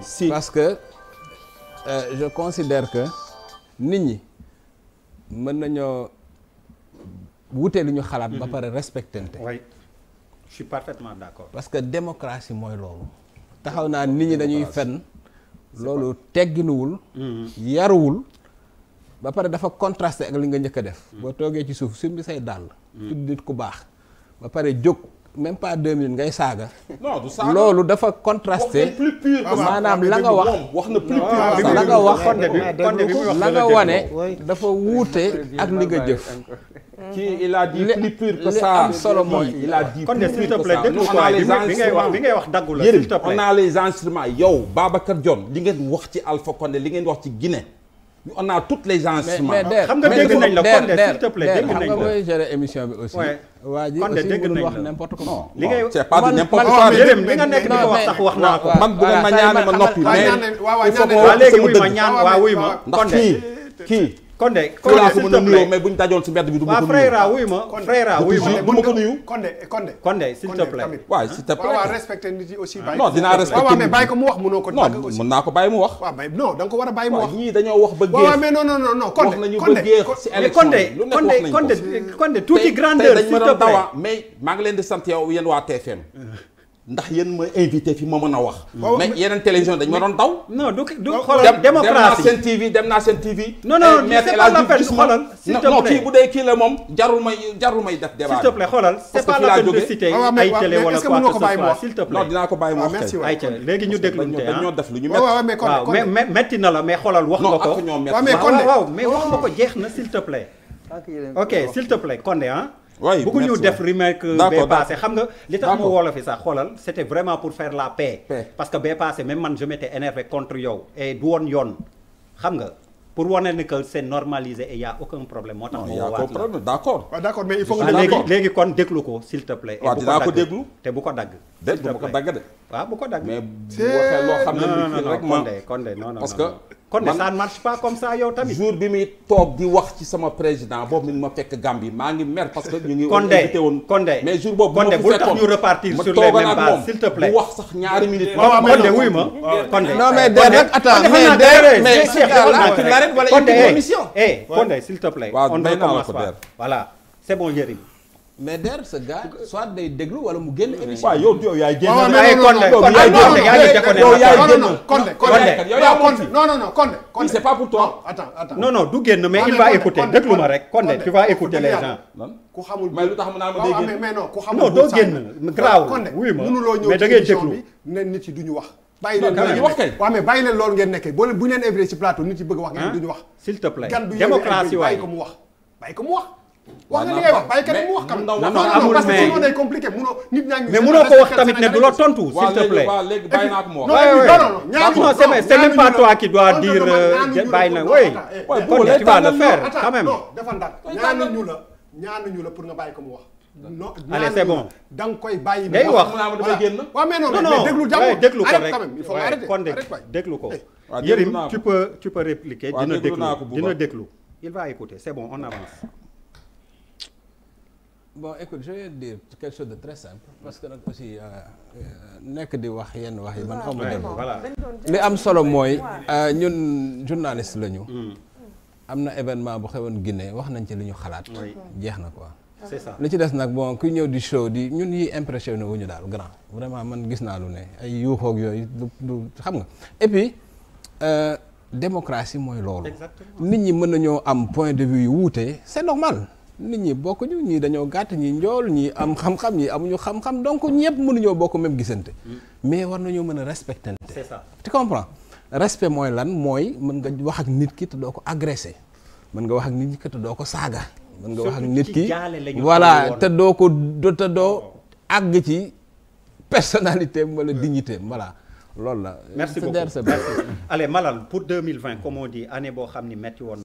si parce que euh, je considère que nit ñi mën nañoo wute lu ñu xalaat. ba mhm. pare respectante. oui je suis parfaitement parce que démocratie mooy loolu. taxaw naa nit ñi dañuy fenn. loolu tegginuwul. Mhm. yaruwul. ba pare dafa contrasté ak li nga njëkk def. Mhm. boo toogee ci suuf sumbi say dàll. tudd nit ku baax. ba pare jóg même pas deux minutes ngay saaga. non loolu dafa contrasté. plus pur maanaam ah, ah, la nga wax. wax na plus pur la nga wax. la nga wane dafa wuute ak li nga jëf. kii il a dit plus pur que am solo mooy il a dit plus pur que li nous on bi ngay wax daggu la. on a les instruments yow Babacar Dione li ngeen wax ci Alpha Condé li ngeen wax ci gine on a toutes les instruments. xam nga dégg nañ la Konde s'il te plaît dégg la xam nga booy gérer émission bi aussi. waa ji aussi mënul wax n'importe comment. li ngay c'est pas du n'importe quoi li nga nekk di ko wax naa ko. man bu ngeen ma ñaanee ma noppi mais. waaw waaw ñaanee waaw léegi wuy ma ñaan waaw wuy ma. ndax kii. Konde Konde laa ko mën a nuyoo mais bu ñu dajoon si mbedd bi du ma ko nuyu. waaw Freyra wuy ma Freyra wuy ma du ma ko nuyu. Konde Konde. Konde s'il te plaît. waaw s'il te plaît. waaw respecté nit yi aussi. non dinaa respecté waaw mais bàyyi ko mu wax mënoo ko. non mën naa ko bàyyi mu wax. waaw mais non da nga ko war a bàyyi mu wax. ñii dañoo wax ba géex. waaw mais non non non Konde wax nañu ba géex si élection bi lu nekk wax nañu ko Konde Konde Konde tuuti grandeur s'il te plaît. tey dañ ma doon dawa mais maa ngi leen di sant yow yéen waa TFM ndax yéen ma invité fi ma mën a wax. mais yeneen télévision dañ ma doon taw. non du du xoolal démocratie dem naa seen TV dem naa seen TV. non non c'est eh, pas kii bu dee kii la moom jarul may jarul may def débat. s'il te plaît xoolal c'est pas la peine de citer ah, ay télé wala quoi que ce soit dinaa ko bàyyi mu ah, wax tey ay télé léegi ñu déglu tey ah def lu ñu ah. métti. waaw mais na la mais xoolal wax nga ko. jeex na s'il ok s'il te oui bëggu ñu def remake euh, bee passé xam nga li tax ma wolof fi sax xoolal c' était vraiment pour faire la paix parce que bee passé même man je m'étais énervé contre yow du woon yoon xam nga pour wane ni que se est normalisé et y' a aucun problème moo tax. moo la d' accord. waaw d' mais il faut que ah, léegi léegi kon déglu ko s' il te plaît. waaw dinaa ko déglu te bu ko dagg. te bu ko dagg de. waaw bu ko dagg mais bu loo xam ne rek man Condé parce que Condé ça ne marche pas comme ça yow tamit jour bi muy toog di wax ci sama président boobu mi ngi ma fekk Gambie maa ngi mer parce que ñu ngi invité woon Condé mais jour boobu Condé bu tax ñu repartir sur les mêmes bases s'il te plaît bu wax sax ñaari minutes Condé wuy ma Condé non mais de rek attends mais de mais Cheikh naa ci la rek wala une émission eh Condé s'il te plaît on recommence pas voilà c'est mais der ce gars soit day déglu wala mu génn émission. waaw yow yow yaay génn. waaw mais non non non non non Konde Konde c'est pas pour toi. attends attends non non du génn mais il va écouter déglu ma rek Konde tu vas écouter les gens. ku xamul mais lu tax mu naan ma day génn mais non ku xamul. non doo génn graaw wuy ma mais da ngay déglu ne nit yi duñu wax. bàyyi leen loolu ngeen nekkee waaw mais bàyyi leen loolu ngeen nekkee boo leen bu ñu leen invité ci plateau nit yi bëgg wax ngeen duñu wax. s'il te plaît démocratie waay gan du yéen bàyyi ko mu wax bàyyi ko mu wax. wax nga li ngay wax baykat yi mu wax. non non amul mais parce que day compliqué munoo nit ñaa ngi. mais munoo ko wax tamit ne du la tontu. s'il te plaît waaw léegi bàyyi naa ko mu wax. non non c'est même pas toi qui dois dire euh, bàyyi na oui. kon eh, tu vas le faire quand même. non dafa ndànk ñaanuñu la ñaanuñu la pour nga bàyyi ko mu wax. non allez c'est bon da nga koy bàyyi. day wax waaw mais non mais déglu jàmm déglu ko rek il faut arrêter kon déglu ko. Yérim tu peux tu peux répliquer dina déglu dina déglu il va écouter c'est bon on avance bon écoute je vais de très parce que nag aussi euh, euh, nekk di wax yenn wax yi man xaw ma dem li am solo mooy euh, ñun journaliste lañu mm. am na événement bu xewoon Guinée wax nañ ci li ñu xalaat jeex na ko c'est ça li ci des nag bon kuy ñëw di show di ñun yi impressionné wu ñu daal grand vraiment man gis naa lu ne ay yuuxoog yooyu du xam nga et puis démocratie mooy loolu nit ñi mën nañoo am point de vue yu wuute c'est normal nit ñi bokkuñu ñii dañoo gàtt ñi njool ñii am xam-xam ñii amuñu xam-xam donc ñëpp mënuñoo bokk même gisante. Mm. mais war nañoo mën a respecté. c'est ça tu comprends respect mooy lan mooy mën nga wax ak nit ki te doo ko agressé mën nga wax ak nit ki te doo ko saaga. mën nga wax ak nit ki voilà te doo ko te doo àgg ci personnalité wala dignité voilà. loolu la merci beaucoup merci allez Malal pour 2020 comme on dit année boo xam ni metti woon